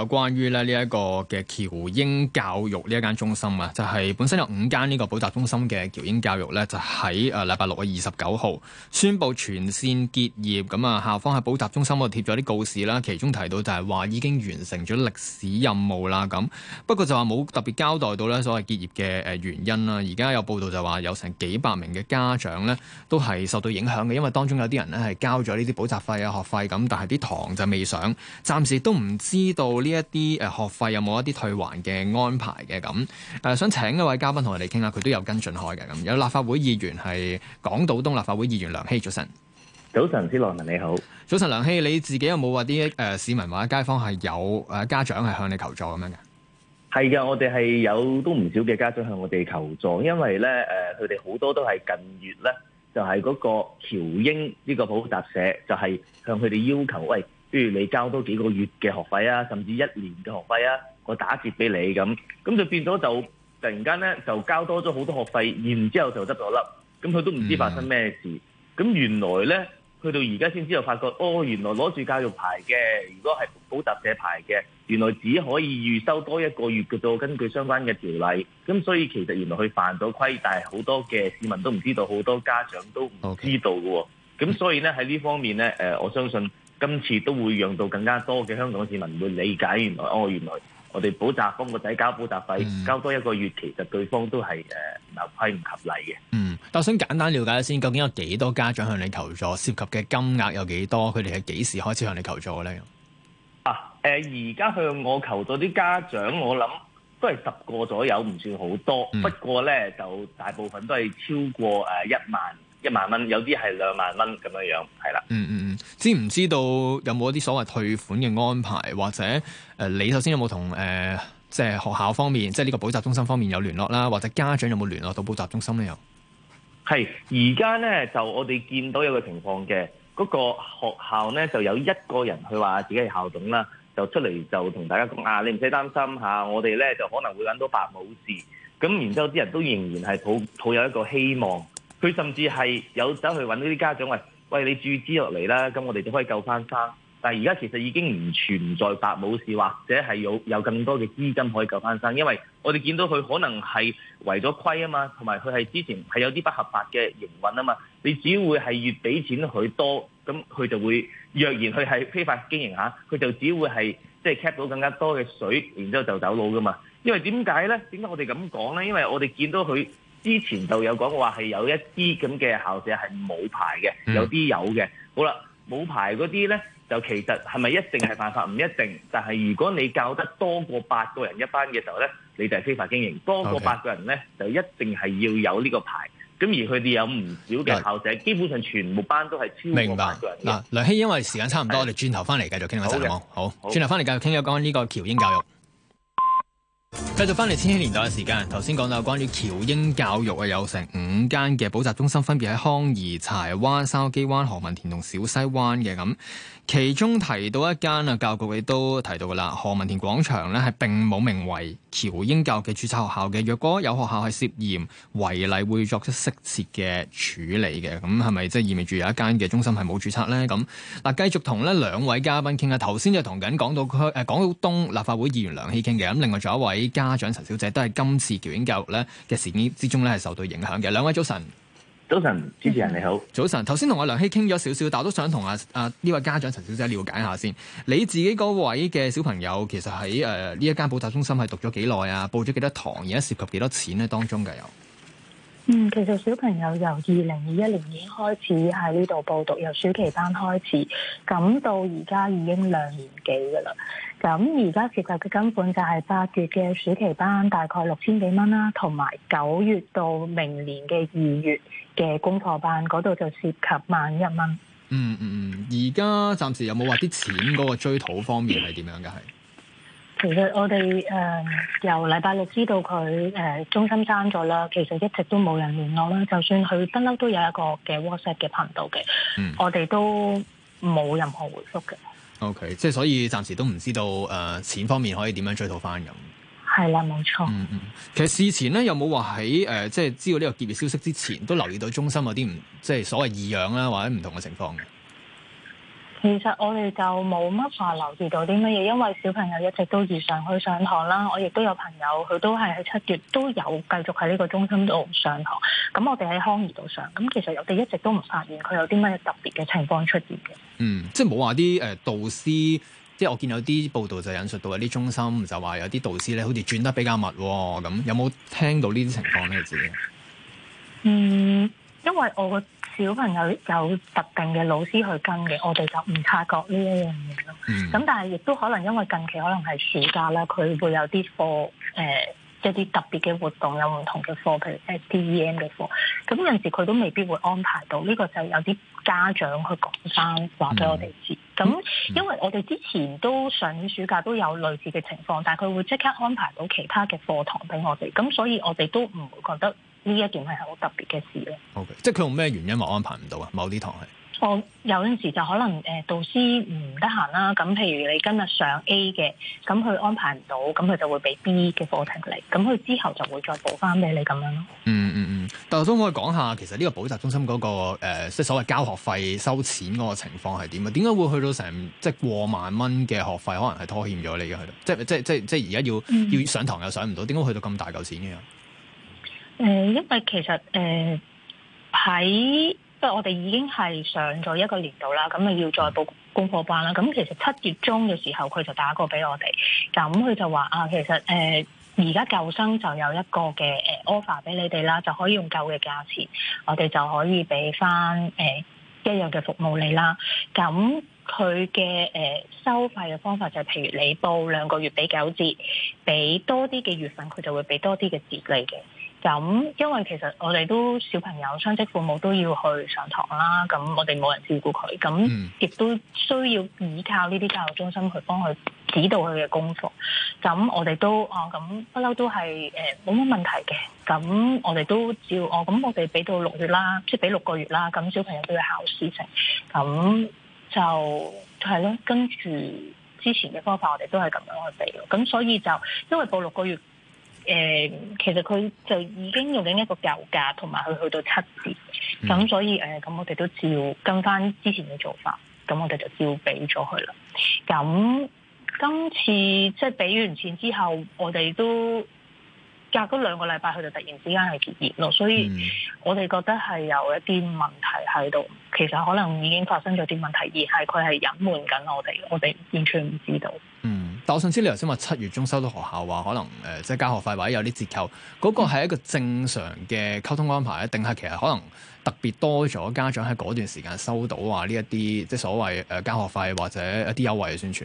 有關於咧呢一個嘅翹英教育呢一間中心啊，就係、是、本身有五間呢個補習中心嘅翹英教育呢就喺誒禮拜六嘅二十九號宣佈全線結業。咁、嗯、啊，校方喺補習中心度貼咗啲告示啦，其中提到就係話已經完成咗歷史任務啦。咁不過就話冇特別交代到呢所謂結業嘅誒原因啦。而家有報道就話有成幾百名嘅家長呢都係受到影響嘅，因為當中有啲人咧係交咗呢啲補習費啊、學費咁，但係啲堂就未上，暫時都唔知道呢。呢一啲誒學費有冇一啲退還嘅安排嘅咁？誒、呃、想請一位嘉賓同我哋傾下，佢都有跟進開嘅咁。有立法會議員係港島東立法會議員梁熙，早晨，早晨，司內文你好，早晨梁熙，你自己有冇話啲誒市民或者街坊係有誒家長係向你求助咁樣嘅？係嘅，我哋係有都唔少嘅家長向我哋求助，因為咧誒，佢哋好多都係近月咧，就係、是、嗰個翹英呢個補習社，就係向佢哋要求喂。譬如你交多幾個月嘅學費啊，甚至一年嘅學費啊，我打折俾你咁，咁就變咗就突然間呢，就交多咗好多學費，然之後就執咗笠，咁佢都唔知發生咩事。咁、嗯、原來呢，去到而家先知道，發覺哦，原來攞住教育牌嘅，如果係補習社牌嘅，原來只可以預收多一個月嘅啫，根據相關嘅條例。咁所以其實原來佢犯咗規，但係好多嘅市民都唔知道，好多家長都唔知道嘅喎。咁 Okay. 所以呢，喺呢方面呢，誒、呃，我相信。今次都會讓到更加多嘅香港市民會理解，原來哦，原來我哋補習幫個仔交補習費交多一個月，其實對方都係誒唔合規唔合理嘅。呃、嗯，但我想簡單了解一先，究竟有幾多家長向你求助，涉及嘅金額有幾多？佢哋係幾時開始向你求助咧？啊，誒、呃，而家向我求助啲家長，我諗都係十個左右，唔算好多。嗯、不過咧，就大部分都係超過誒一、呃、萬。一萬蚊，有啲係兩萬蚊咁樣樣，係啦。嗯嗯嗯，知唔知道有冇一啲所謂退款嘅安排，或者誒、呃、你頭先有冇同誒即係學校方面，即係呢個補習中心方面有聯絡啦，或者家長有冇聯絡到補習中心咧？又係而家咧，就我哋見到有個情況嘅，嗰、那個學校咧就有一個人去話自己係校董啦，就出嚟就同大家講啊，你唔使擔心吓，我哋咧就可能會揾到白武士。咁然之後啲人都仍然係抱抱有一個希望。佢甚至係有走去揾呢啲家長，喂喂，你注資落嚟啦，咁我哋就可以救翻生。但係而家其實已經唔存在白冇事，或者係有有更多嘅資金可以救翻生，因為我哋見到佢可能係違咗規啊嘛，同埋佢係之前係有啲不合法嘅營運啊嘛。你只會係越俾錢佢多，咁佢就會若然佢係非法經營嚇，佢就只會係即係 cap 到更加多嘅水，然之後就走佬噶嘛。因為點解咧？點解我哋咁講咧？因為我哋見到佢。之前就有講過話係有一啲咁嘅校舍係冇牌嘅，嗯、有啲有嘅。好啦，冇牌嗰啲咧，就其實係咪一定係犯法？唔一定。但係如果你教得多過八個人一班嘅時候咧，你就係非法經營。多過八個人咧，就一定係要有呢個牌。咁而佢哋有唔少嘅校舍，白基本上全部班都係超過八個人。明白。嗱，梁熙，因為時間差唔多，的我哋轉頭翻嚟繼續傾下陣。好，轉頭翻嚟繼續傾一講呢個翹英教育。繼續翻嚟千禧年代嘅時間，頭先講到關於翹英教育啊，有成五間嘅補習中心分別喺康怡、柴灣、筲箕灣、何文田同小西灣嘅咁。其中提到一間啊，教育局亦都提到噶啦，何文田廣場呢，係並冇名為翹英教育嘅註冊學校嘅。若果有學校係涉嫌違例，會作出適切嘅處理嘅。咁係咪即係意味住有一間嘅中心係冇註冊呢？咁嗱，繼續同呢兩位嘉賓傾啊。頭先就同緊港島區誒港島東立法會議員梁熙傾嘅，咁另外仲有一位。俾家長陳小姐都係今次翹英教育咧嘅事件之中咧係受到影響嘅。兩位早晨，早晨，主持人你好，早晨。頭先同阿梁熙傾咗少少，但我都想同阿阿呢位家長陳小姐了解下先。你自己嗰位嘅小朋友其實喺誒呢一間補習中心係讀咗幾耐啊？報咗幾多堂？而家涉及幾多錢咧？當中嘅有。嗯，其實小朋友由二零二一年已經開始喺呢度報讀，由暑期班開始，咁到而家已經兩年幾㗎喇。咁而家涉及嘅根本就係八月嘅暑期班，大概六千幾蚊啦，同埋九月到明年嘅二月嘅功課班嗰度就涉及萬一蚊。嗯嗯嗯，而家暫時有冇話啲錢嗰個追討方面係點樣嘅係？ 其實我哋誒、呃、由禮拜六知道佢誒、呃、中心爭咗啦，其實一直都冇人聯絡啦。就算佢不嬲都有一個嘅 WhatsApp 嘅頻道嘅，嗯、我哋都冇任何回覆嘅。OK，即係所以暫時都唔知道誒、呃、錢方面可以點樣追討翻咁。係啦，冇錯。嗯嗯，其實事前咧有冇話喺誒即係知道呢個結業消息之前，都留意到中心有啲唔即係所謂異樣啦，或者唔同嘅情況嘅？其實我哋就冇乜話留意到啲乜嘢，因為小朋友一直都如上去上堂啦。我亦都有朋友佢都係喺七月都有繼續喺呢個中心度上堂。咁我哋喺康怡度上。咁其實我哋一直都唔發現佢有啲乜特別嘅情況出現嘅。嗯，即係冇話啲誒導師，即係我見有啲報道就引述到有啲中心就話有啲導師咧，好似轉得比較密喎、哦。咁有冇聽到呢啲情況咧？自己嗯。因為我個小朋友有特定嘅老師去跟嘅，我哋就唔察覺呢一樣嘢咯。咁、嗯、但係亦都可能因為近期可能係暑假啦，佢會有啲課誒一啲、呃、特別嘅活動，有唔同嘅課，譬如 STEM 嘅課。咁有陣時佢都未必會安排到，呢、這個就有啲家長去講翻話俾我哋知。咁、嗯、因為我哋之前都上年暑假都有類似嘅情況，但係佢會即刻安排到其他嘅課堂俾我哋。咁所以我哋都唔會覺得。呢一件係好特別嘅事咯。O、okay, K，即係佢用咩原因話安排唔到啊？某啲堂係我有陣時就可能誒、呃、導師唔得閒啦。咁譬如你今日上 A 嘅，咁佢安排唔到，咁佢就會俾 B 嘅課程嚟。咁佢之後就會再補翻俾你咁樣咯、嗯。嗯嗯嗯。但係我想我講下，其實呢個補習中心嗰、那個、呃、即係所謂交學費收錢嗰個情況係點啊？點解會去到成即係過萬蚊嘅學費，可能係拖欠咗你嘅？喺即係即係即係即係而家要、嗯、要上堂又上唔到，點解去到咁大嚿錢嘅？誒、嗯，因為其實誒喺即係我哋已經係上咗一個年度啦，咁要再報功課班啦。咁其實七月中嘅時候，佢就打過俾我哋，咁佢就話啊，其實誒而家舊生就有一個嘅誒 offer 俾你哋啦，就可以用舊嘅價錢，我哋就可以俾翻誒一樣嘅服務你啦。咁佢嘅誒收費嘅方法就係、是，譬如你報兩個月俾九折，俾多啲嘅月份，佢就會俾多啲嘅折利嘅。咁，因為其實我哋都小朋友、雙職父母都要去上堂啦。咁我哋冇人照顧佢，咁亦都需要依靠呢啲教育中心去幫佢指導佢嘅功課。咁我哋都哦，咁不嬲都係誒冇乜問題嘅。咁我哋都照哦，咁我哋俾到六月啦，即係俾六個月啦。咁小朋友都要考試成，咁就係咯、就是。跟住之前嘅方法，我哋都係咁樣去俾。咁所以就因為報六個月。誒，嗯、其實佢就已經用緊一個舊價，同埋佢去到七折，咁、嗯、所以誒，咁我哋都照跟翻之前嘅做法，咁我哋就照俾咗佢啦。咁今次即係俾完錢之後，我哋都隔咗兩個禮拜，佢就突然之間係結業咯，所以我哋覺得係有一啲問題喺度，其實可能已經發生咗啲問題，而係佢係隱瞞緊我哋，我哋完全唔知道。嗯。我想知你頭先話七月中收到學校話可能誒，即係交學費或者有啲折扣，嗰、嗰個係一個正常嘅溝通安排咧，定係其實可能特別多咗家長喺嗰段時間收到啊呢一啲即係所謂誒交、呃、學費或者一啲優惠嘅宣傳。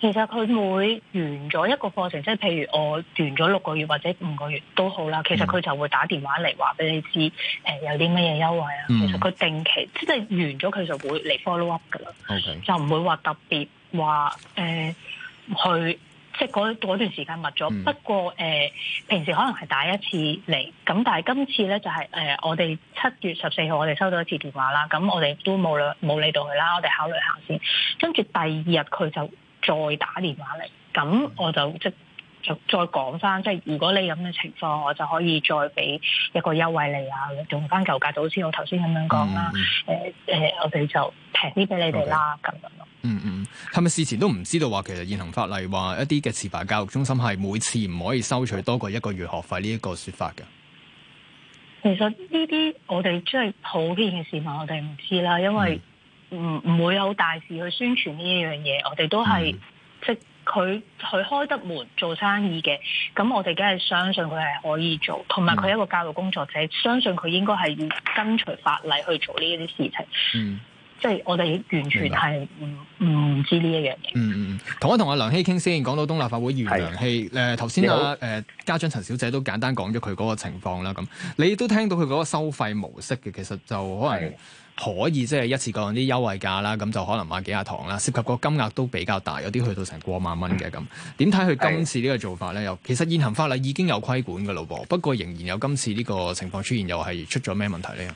其實，佢每完咗一個課程，即係譬如我完咗六個月或者五個月都好啦，其實佢就會打電話嚟話俾你知誒、嗯呃、有啲乜嘢優惠啊。其實佢定期即係完咗佢就會嚟 follow up 噶啦，Okay. 就唔會話特別。話誒去即係嗰段時間密咗，mm. 不過誒、呃、平時可能係打一次嚟，咁但係今次咧就係、是、誒、呃、我哋七月十四號我哋收到一次電話啦，咁我哋都冇理冇理到佢啦，我哋考慮下先，跟住第二日佢就再打電話嚟，咁我就、mm. 即。再再講翻，即係如果你咁嘅情況，我就可以再俾一個優惠你啊，用翻舊價，就好似我頭先咁樣講啦。誒誒、嗯呃呃，我哋就平啲俾你哋啦，咁 Okay. 樣嗯。嗯嗯，係咪事前都唔知道話其實現行法例話一啲嘅持牌教育中心係每次唔可以收取多過一個月學費呢一個説法嘅？其實呢啲我哋即係普遍嘅市民，我哋唔知啦，因為唔唔、嗯、會有大事去宣傳呢樣嘢，我哋都係、嗯、即。佢佢開得門做生意嘅，咁我哋梗係相信佢係可以做，同埋佢一個教育工作者，嗯、相信佢應該係要跟隨法例去做呢一啲事情。嗯，即係我哋完全係唔唔知呢一樣嘢。嗯嗯同一同阿梁熙傾先，講到東立法會議員，袁的梁熙誒頭先阿誒家長陳小姐都簡單講咗佢嗰個情況啦。咁你都聽到佢嗰個收費模式嘅，其實就可能。可以即係一次過啲優惠價啦，咁就可能買幾下堂啦，涉及個金額都比較大，有啲去到成過萬蚊嘅咁，點睇佢今次呢個做法咧？又其實現行法例已經有規管嘅咯喎，不過仍然有今次呢個情況出現，又係出咗咩問題咧？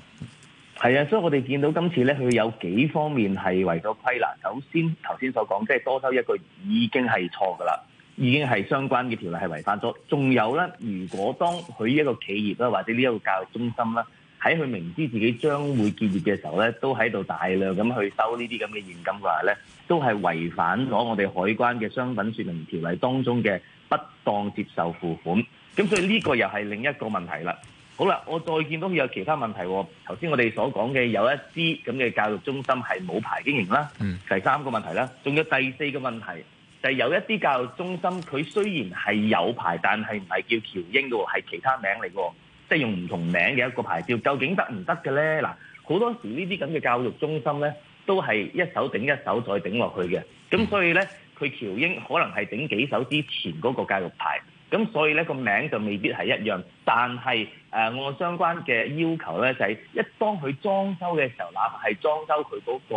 係啊，所以我哋見到今次咧，佢有幾方面係違咗規例。首先頭先所講，即係多收一個已經係錯嘅啦，已經係相關嘅條例係違反咗。仲有咧，如果當佢一個企業啦，或者呢一個教育中心啦。喺佢明知自己將會結業嘅時候咧，都喺度大量咁去收呢啲咁嘅現金嘅話咧，都係違反咗我哋海關嘅商品説明條例當中嘅不當接受付款。咁所以呢個又係另一個問題啦。好啦，我再見到有其他問題喎。頭先我哋所講嘅有一啲咁嘅教育中心係冇牌經營啦。嗯。第三個問題啦，仲有第四個問題就係有一啲教育中心佢雖然係有牌，但係唔係叫翹英嘅喎，係其他名嚟喎。即係用唔同名嘅一個牌照，究竟得唔得嘅咧？嗱，好多時呢啲咁嘅教育中心咧，都係一手頂一手再頂落去嘅。咁所以咧，佢翹英可能係頂幾手之前嗰個教育牌，咁所以咧個名就未必係一樣。但係誒，我、呃、相關嘅要求咧，就係、是、一當佢裝修嘅時候，哪怕係裝修佢嗰、嗰個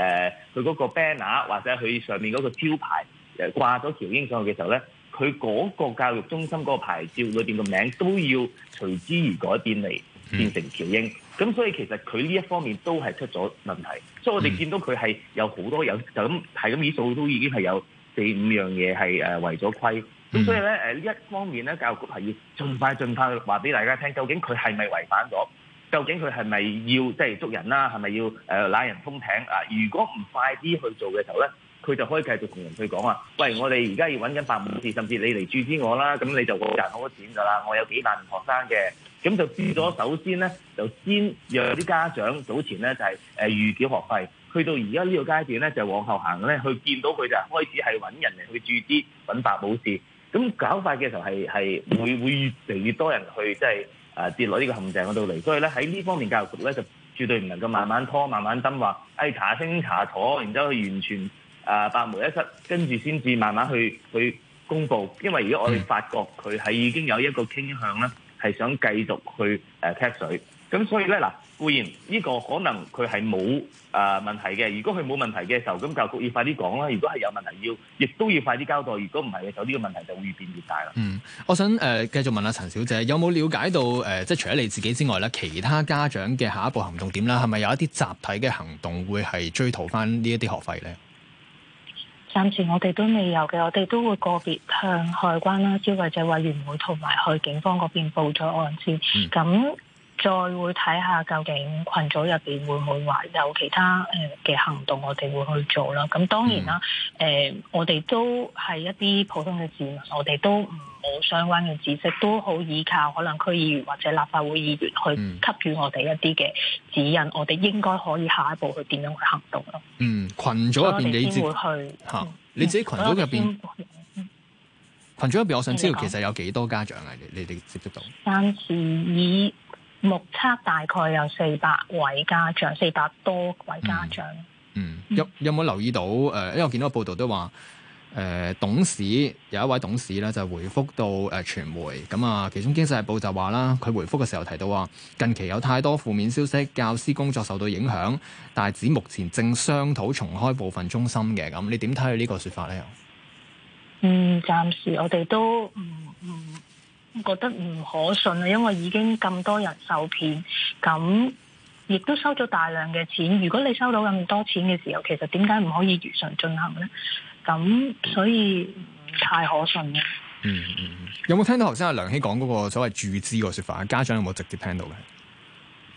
佢嗰、呃、個 banner 或者佢上面嗰個招牌誒掛咗翹英上去嘅時候咧。佢嗰個教育中心嗰個牌照裏邊嘅名都要隨之而改變嚟，變成翹英。咁、嗯、所以其實佢呢一方面都係出咗問題。所以我哋見到佢係有好多有、嗯、就咁係咁耳數，都已經係有四五樣嘢係誒違咗規。咁、呃嗯、所以咧誒呢一方面咧，教育局係要盡快盡快話俾大家聽，究竟佢係咪違反咗？究竟佢係咪要即係捉人啦、啊？係咪要誒拉、呃、人封艇啊？如果唔快啲去做嘅時候咧？佢就可以繼續同人去講啊！喂，我哋而家要揾緊白武士，甚至你嚟注資我啦。咁你就會賺好多錢㗎啦！我有幾萬學生嘅，咁就知咗。首先咧，就先讓啲家長早前咧就係誒預繳學費，去到而家呢個階段咧就是、往後行咧，去見到佢就開始係揾人嚟去注資揾白武士。咁搞法嘅時候係係會會越嚟越多人去，即係誒跌落呢個陷阱嗰度嚟。所以咧喺呢方面，教育局咧就絕對唔能夠慢慢拖、慢慢等，話誒查清查妥，然之後佢完全。誒百無一失，跟住先至慢慢去去公布，因為而家我哋發覺佢係已經有一個傾向啦，係想繼續去誒踢水，咁、呃嗯呃、所以咧嗱固然呢、這個可能佢係冇誒問題嘅，如果佢冇問題嘅時候，咁教局要快啲講啦。如果係有問題要，亦都要快啲交代。如果唔係嘅時候，呢個問題就會越變越大啦。嗯，我想誒繼、呃、續問下陳小姐，有冇了解到誒、呃、即係除咗你自己之外咧，其他家長嘅下一步行動點啦？係咪有一啲集體嘅行動會係追討翻呢一啲學費咧？暫時我哋都未有嘅，我哋都會個別向海關啦、消費者委員會同埋去警方嗰邊報咗案先，咁。再會睇下究竟群組入邊會唔會話有其他誒嘅行動，我哋會去做啦。咁當然啦，誒、嗯呃、我哋都係一啲普通嘅市民，我哋都唔冇相關嘅知識，都好依靠可能區議員或者立法會議員去給予我哋一啲嘅指引，我哋應該可以下一步去點樣去行動咯。嗯，群組入邊你先會去嚇、啊，你自己群組入邊，群組入邊我想知道其實有幾多家長啊？你你哋接觸到三十二。目測大概有四百位家長，四百多位家長。嗯，嗯，有有冇留意到？誒、呃，因為我見到個報道都話，誒、呃、董事有一位董事咧，就回覆到誒、呃、傳媒。咁、嗯、啊，其中經濟日報就話啦，佢回覆嘅時候提到話，近期有太多負面消息，教師工作受到影響，但係指目前正商討重開部分中心嘅。咁你點睇佢呢個説法咧？嗯，暫時我哋都嗯嗯。嗯覺得唔可信啊，因為已經咁多人受騙，咁亦都收咗大量嘅錢。如果你收到咁多錢嘅時候，其實點解唔可以如常進行呢？咁所以唔太可信嘅。嗯嗯嗯，有冇聽到頭先阿梁熙講嗰個所謂注資個說法？家長有冇直接聽到嘅？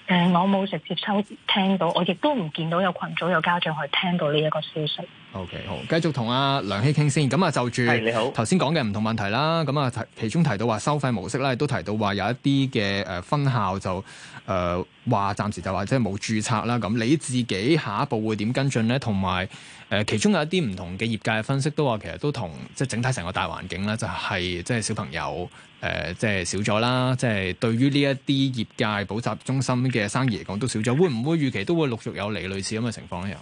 誒、嗯，我冇直接收聽到，我亦都唔見到有群組有家長去聽到呢一個消息。O、okay, K，好，繼續同阿、啊、梁熙傾先。咁啊，就住頭先講嘅唔同問題啦。咁啊，其中提到話收費模式啦，亦都提到話有一啲嘅誒分校就誒話、呃、暫時就話即係冇註冊啦。咁你自己下一步會點跟進咧？同埋。誒、呃，其中有一啲唔同嘅業界嘅分析都話，其實都同即係整體成個大環境咧，就係、是、即係小朋友誒、呃，即係少咗啦。即係對於呢一啲業界補習中心嘅生意嚟講，都少咗。會唔會預期都會陸續有嚟類似咁嘅情況咧？又誒、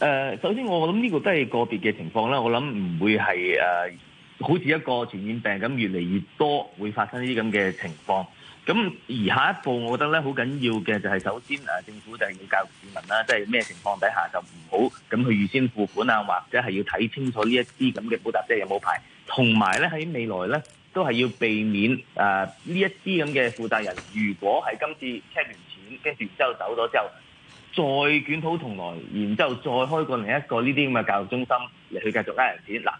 呃，首先我諗呢個都係個別嘅情況啦。我諗唔會係誒、呃，好似一個傳染病咁，越嚟越多會發生呢啲咁嘅情況。咁而下一步，我覺得咧好緊要嘅就係首先啊，政府就係要教育市民啦，即係咩情況底下就唔好咁去預先付款啊，或者係要睇清楚呢一啲咁嘅補習社、即係、有冇牌，同埋咧喺未來咧都係要避免誒呢一啲咁嘅負責人，如果係今次 check 完錢，跟住然之後走咗之後，再捲土重來，然之後再開過另一個呢啲咁嘅教育中心嚟去繼續呃人錢嗱。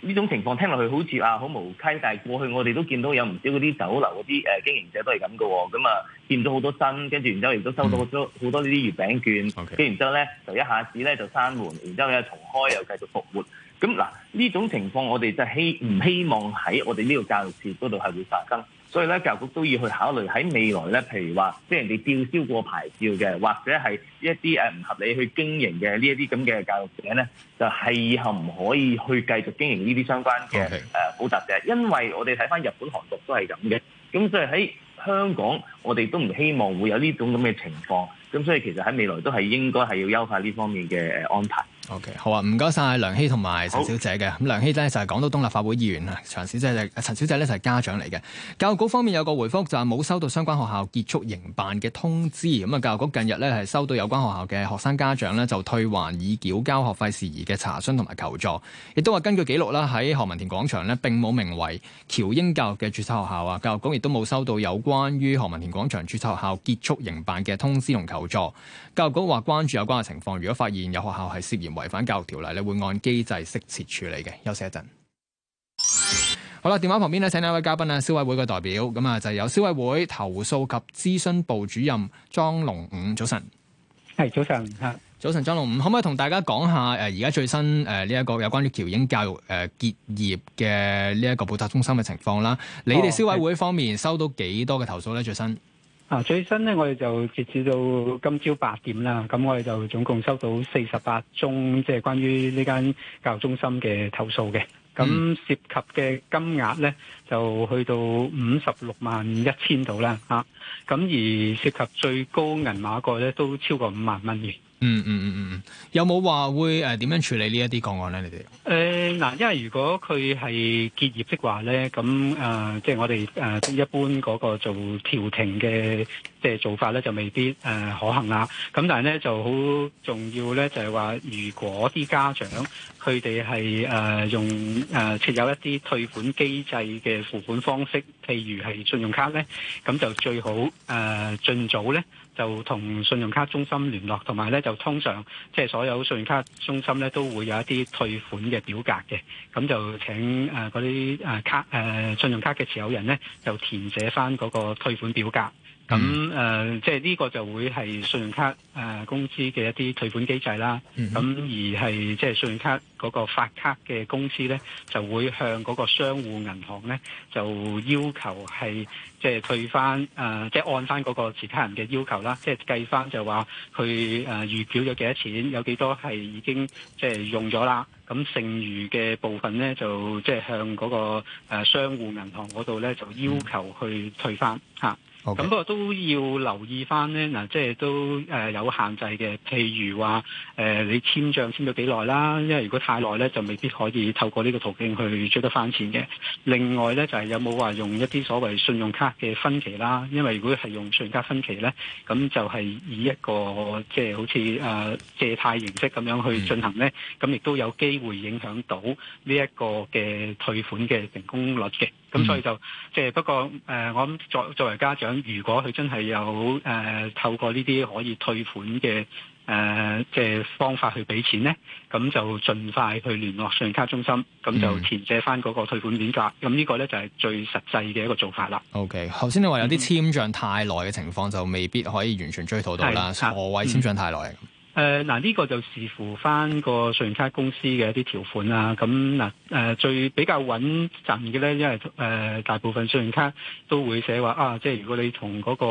呢種情況聽落去好似啊好無稽，但係過去我哋都見到有唔少嗰啲酒樓嗰啲誒經營者都係咁㗎喎，咁、嗯、啊、嗯、見到好多新，跟住然之後亦都收到咗好多呢啲月餅券，跟 Okay. 然之後咧就一下子咧就閂門，然之後又重開又繼續復活，咁嗱呢種情況我哋就希唔希望喺我哋呢個教育事業嗰度係會發生？所以咧，教育局都要去考慮喺未來咧，譬如話即係人哋吊銷過牌照嘅，或者係一啲誒唔合理去經營嘅呢一啲咁嘅教育者咧，就係以後唔可以去繼續經營呢啲相關嘅誒補習社，因為我哋睇翻日本、韓國都係咁嘅。咁所以喺香港，我哋都唔希望會有呢種咁嘅情況，咁所以其實喺未來都係應該係要優化呢方面嘅誒安排。O.K. 好啊，唔該晒。梁熙同埋陳小姐嘅。咁好梁熙呢，就係港島東立法會議員啊，陳小姐係、就是、小姐呢就係家長嚟嘅。教育局方面有個回覆就係冇、是、收到相關學校結束營辦嘅通知。咁啊，教育局近日呢，係收到有關學校嘅學生家長呢，就退還已繳交學費事宜嘅查詢同埋求助，亦都話根據記錄啦，喺何文田廣場呢，並冇名為翹英教育嘅註冊學校啊。教育局亦都冇收到有關於何文田廣場註冊學校結束營辦嘅通知同求助。教育局話關注有關嘅情況，如果發現有學校係涉嫌違反教育條例咧，你會按機制適切處理嘅。休息一陣， 好啦，電話旁邊咧，請兩位嘉賓啦，消委會嘅代表。咁啊，就由消委會投訴及諮詢部主任莊龍五早晨。係早上吓，早晨莊龍五，可唔可以同大家講下誒，而、呃、家最新誒呢一個有關於翹英教育誒、呃、結業嘅呢一個補習中心嘅情況啦？哦、你哋消委會是方面收到幾多嘅投訴咧？最新？啊！最新咧，我哋就截止到今朝八點啦。咁我哋就總共收到四十八宗，即係關於呢間教育中心嘅投訴嘅。咁涉及嘅金額咧，就去到五十六萬一千度啦。嚇、啊！咁而涉及最高銀碼個咧，都超過五萬蚊嘅。嗯嗯嗯嗯有冇話會誒點樣處理呢一啲個案咧？你哋誒嗱，因為如果佢係結業的話咧，咁誒、呃、即係我哋誒、呃、一般嗰個做調停嘅即係做法咧，就未必誒、呃、可行啦。咁但係咧就好重要咧，就係話如果啲家長佢哋係誒用誒設、呃、有一啲退款機制嘅付款方式，譬如係信用卡咧，咁就最好誒盡早咧。呃就同信用卡中心聯絡，同埋咧就通常即係、就是、所有信用卡中心咧都會有一啲退款嘅表格嘅，咁就請誒嗰啲誒卡誒信用卡嘅持有人咧就填寫翻嗰個退款表格。咁誒，即係呢個就會係信用卡誒公司嘅一啲退款機制啦。咁、嗯、哼而係即係信用卡嗰個發卡嘅公司呢，就會向嗰個商戶銀行呢，就要求係即係退翻誒，即、呃、係、就是、按翻嗰個持卡人嘅要求啦。即係計翻就話佢誒預繳咗幾多錢，有幾多係已經即係用咗啦。咁剩餘嘅部分呢，就即係向嗰個誒商戶銀行嗰度呢，就要求去退翻嚇。嗯。咁不過都要留意翻咧，嗱，即係都誒、呃、有限制嘅。譬如話誒、呃，你簽帳簽咗幾耐啦？因為如果太耐咧，就未必可以透過呢個途徑去追得翻錢嘅。另外咧，就係、是、有冇話用一啲所謂信用卡嘅分期啦？因為如果係用信用卡分期咧，咁就係以一個即係好似誒、呃、借貸形式咁樣去進行咧，咁亦、嗯、都有機會影響到呢一個嘅退款嘅成功率嘅。咁、嗯、所以就即係不過，誒、呃，我諗作作為家長，如果佢真係有誒、呃、透過呢啲可以退款嘅誒嘅方法去俾錢咧，咁就盡快去聯絡信用卡中心，咁就填寫翻嗰個退款表格。咁呢個咧就係最實際嘅一個做法啦。O K，頭先你話有啲簽賬太耐嘅情況就未必可以完全追討到啦，何謂簽賬太耐？誒嗱呢個就視乎翻個信用卡公司嘅一啲條款啦、啊，咁嗱誒最比較穩陣嘅咧，因為誒、呃、大部分信用卡都會寫話啊，即係如果你同嗰、嗰個、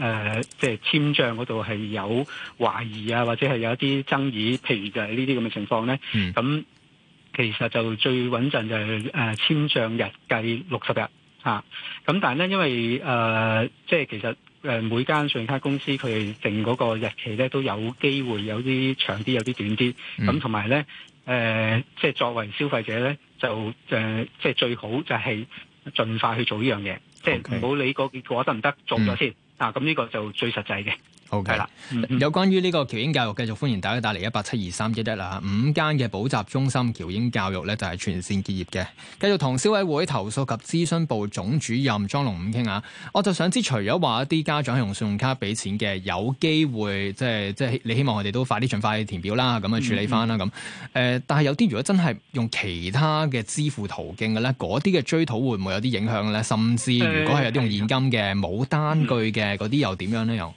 呃、即係簽帳嗰度係有懷疑啊，或者係有一啲爭議，譬如就係呢啲咁嘅情況咧，咁、mm. 嗯、其實就最穩陣就係誒簽帳日計六十日嚇，咁、啊、但係咧因為誒、呃、即係其實。誒每間信用卡公司佢哋定嗰個日期咧都有機會有啲長啲，有啲短啲，咁同埋咧誒即係作為消費者咧就誒、呃、即係最好就係盡快去做呢樣嘢，即係唔好理個結果得唔得做咗先、嗯、啊！咁呢個就最實際嘅。係啦，Okay. mm hmm. 有關於呢個翹英教育，繼續歡迎大家打嚟一八七二三一一啦。五間嘅補習中心翹英教育咧，就係全線結業嘅。繼續同消委會投訴及諮詢部總主任莊龍五傾下，我就想知，除咗話一啲家長係用信用卡俾錢嘅，有機會即係即係你希望佢哋都快啲盡快填表啦，咁啊處理翻啦咁。誒、mm，hmm. 但係有啲如果真係用其他嘅支付途徑嘅咧，嗰啲嘅追討會唔會有啲影響咧？甚至如果係有啲用現金嘅冇單據嘅嗰啲，又點樣咧？又？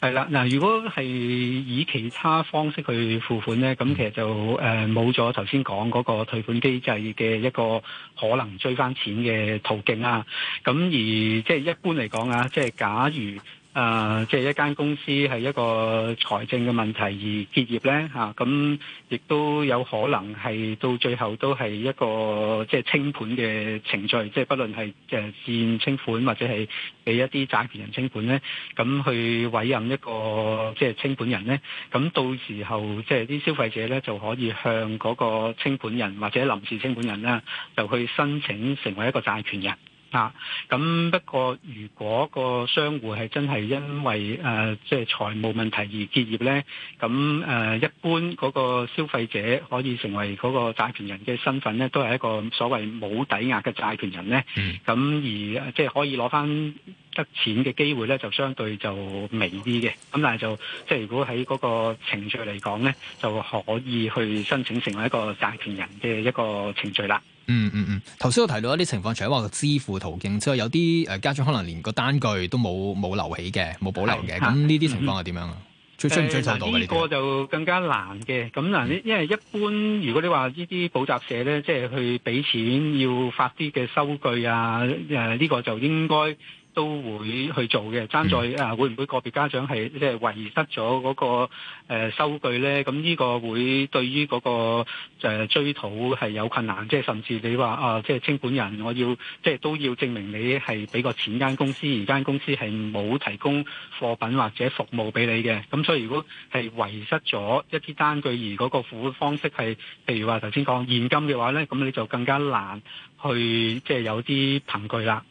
係啦，嗱，如果係以其他方式去付款咧，咁其實就誒冇咗頭先講嗰個退款機制嘅一個可能追翻錢嘅途徑啊。咁而即係一般嚟講啊，即係假如。誒，uh, 即係一間公司係一個財政嘅問題而結業呢，嚇、啊，咁亦都有可能係到最後都係一個即係清盤嘅程序，即係不論係自願清盤或者係俾一啲債權人清盤呢，咁去委任一個即係清盤人呢，咁到時候即係啲消費者呢，就可以向嗰個清盤人或者臨時清盤人啦，就去申請成為一個債權人。啊，咁不過如果個商戶係真係因為誒即係財務問題而結業呢，咁誒、呃、一般嗰個消費者可以成為嗰個債權人嘅身份咧，都係一個所謂冇抵押嘅債權人呢。咁、嗯、而即係可以攞翻得錢嘅機會呢，就相對就微啲嘅。咁但係就即係如果喺嗰個程序嚟講呢，就可以去申請成為一個債權人嘅一個程序啦。嗯嗯嗯，頭、嗯、先我提到一啲情況，除咗話支付途徑之外，有啲誒家長可能連個單據都冇冇留起嘅，冇保留嘅，咁呢啲情況係點樣啊、嗯？追追唔追查到嘅呢？呢、呃呢個就更加難嘅，咁嗱，呢、嗯、因為一般如果你話呢啲補習社咧，即、就、係、是、去俾錢要發啲嘅收據啊，誒、呃、呢、呢個就應該，都會去做嘅，爭在啊，會唔會個別家長係即係遺失咗嗰個誒收據呢？咁呢個會對於嗰個誒追討係有困難，即係甚至你話啊，即係稱本人我要即係都要證明你係俾個錢間公司，而間公司係冇提供貨品或者服務俾你嘅。咁所以如果係遺失咗一啲單據而嗰個付款方式係譬如話頭先講現金嘅話呢，咁你就更加難去即係有啲憑據啦。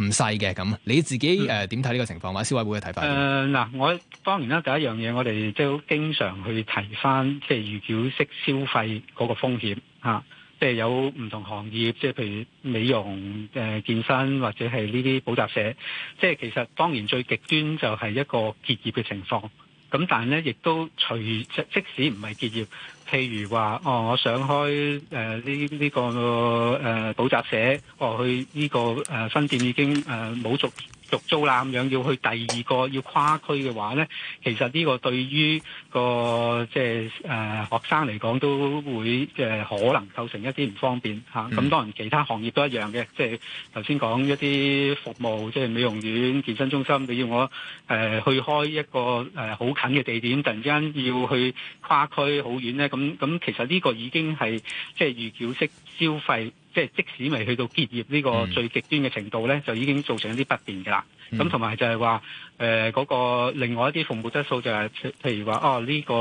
唔細嘅。咁，你自己誒點睇呢個情況啊？消委會嘅睇法？誒嗱、 呃，我當然啦，第一樣嘢我哋即係好經常去提翻，即係預繳式消費嗰個風險嚇即係、啊就是、有唔同行業，即、就、係、是、譬如美容、誒、呃、健身或者係呢啲補習社，即、就、係、是、其實當然最極端就係一個結業嘅情況。咁但係咧，亦都隨即即使唔係結業，譬如話哦，我想開誒呢呢個誒補習社，哦、呃、去呢、這個誒分、呃、店已經誒冇、呃、續。續租啦咁樣，要去第二個要跨區嘅話呢，其實呢個對於個即係誒學生嚟講都會即係可能構成一啲唔方便嚇。咁當然其他行業都一樣嘅，即係頭先講一啲服務，即係美容院、健身中心，你要我誒去開一個誒好近嘅地點，突然間要去跨區好遠呢。咁咁其實呢個已經係即係預繳式消費。 即係即使未去到結業呢個最極端嘅程度咧，就已經造成一啲不便㗎啦。咁同埋就係話誒嗰個另外一啲服務質素就係、是、譬如話哦呢個誒、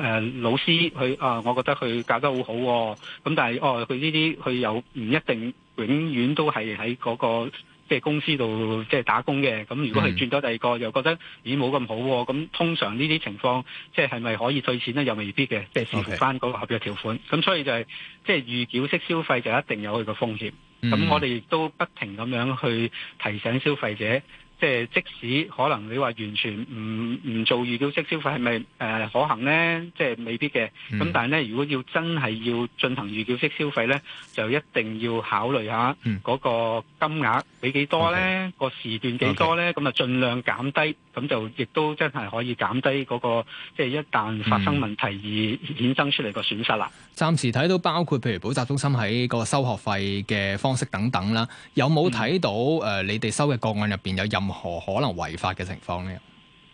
呃、老師佢啊，我覺得佢教得好好、啊、喎。咁但係哦佢呢啲佢有唔一定永遠都係喺嗰個。即係公司度即係打工嘅，咁如果係轉咗第二個又覺得咦冇咁好喎、啊，咁通常呢啲情況即係係咪可以退錢咧又未必嘅，即係視乎翻嗰個合約條款，咁 Okay. 所以就係、是、即係預繳式消費就一定有佢個風險，咁、嗯、我哋亦都不停咁樣去提醒消費者。即係即使可能你話完全唔唔做預繳式消費係咪誒可行咧？即係未必嘅。咁但係咧，如果要真係要進行預繳式消費咧，就一定要考慮下嗰個金額俾幾多咧，個時段幾多咧，咁啊盡量減低，咁就亦都真係可以減低嗰個即係一旦發生問題而衍生出嚟個損失啦。暫時睇到包括譬如補習中心喺嗰個收學費嘅方式等等啦，有冇睇到誒你哋收嘅個案入邊有任何可能違法嘅情況咧？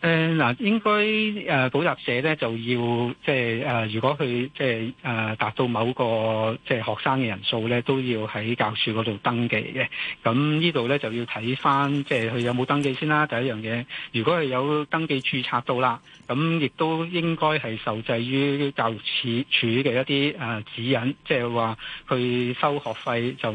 誒嗱、嗯，應該誒、呃、補習社咧就要即係誒、呃，如果佢即係誒、呃、達到某個即係學生嘅人數咧，都要喺教署嗰度登記嘅。咁呢度咧就要睇返，即係佢有冇登記先啦。第一樣嘢，如果係有登記註冊到啦，咁亦都應該係受制於教育署處嘅一啲誒、啊、指引，即係話佢收學費就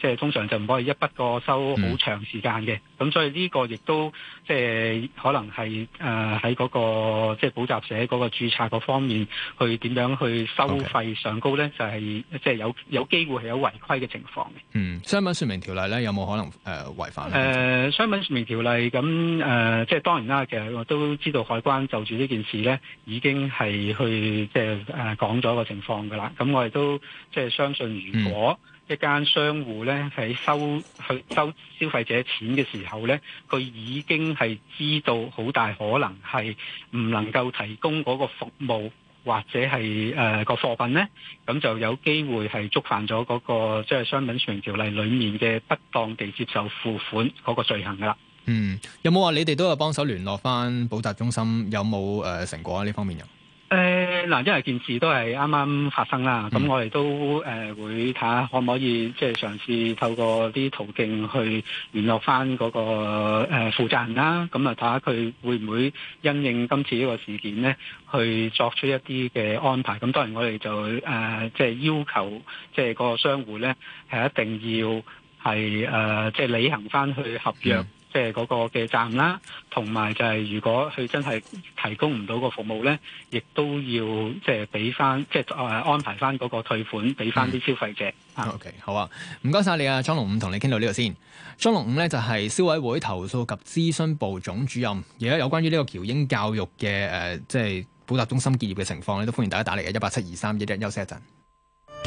即係通常就唔可以一筆過收好長時間嘅。咁所以呢個亦都即係可能係。誒喺嗰個即係補習社嗰個註冊嗰方面，去點樣去收費上高咧，就係即係有有機會係有違規嘅情況嘅。嗯，商品説明條例咧有冇可能誒、呃、違反咧、呃？商品説明條例咁誒、呃，即係當然啦。其實我都知道，海關就住呢件事咧，已經係去即係誒、呃、講咗個情況噶啦。咁我亦都即係相信，如果，嗯一間商戶咧，喺收佢收消費者錢嘅時候咧，佢已經係知道好大可能係唔能夠提供嗰個服務或者係誒、呃、個貨品咧，咁就有機會係觸犯咗嗰、那個即係、就是、商品説明條例裡面嘅不當地接受付款嗰個罪行㗎啦。嗯，有冇話你哋都有幫手聯絡翻補習中心有有，有冇誒成果呢方面有？誒嗱、呃，因為件事都係啱啱發生啦，咁、嗯、我哋都誒、呃、會睇下可唔可以即係、就是、嘗試透過啲途徑去聯絡翻嗰、那個誒、呃、負責人啦，咁啊睇下佢會唔會因應今次呢個事件咧，去作出一啲嘅安排。咁當然我哋就誒即係要求，即、就、係、是、個商戶咧係一定要係誒即係履行翻去合約。嗯即係嗰個嘅站啦，同埋就係如果佢真係提供唔到個服務咧，亦都要即係俾翻即係誒安排翻嗰個退款俾翻啲消費者、嗯嗯、O、okay, K，好啊，唔該晒你啊，莊龍五同你傾到呢度先。莊龍五咧就係、是、消委會投訴及諮詢部總主任，而家有關於呢個翹英教育嘅誒，即、呃、係、就是、補習中心結業嘅情況咧，都歡迎大家打嚟嘅一八七二三一一。23，休息一陣。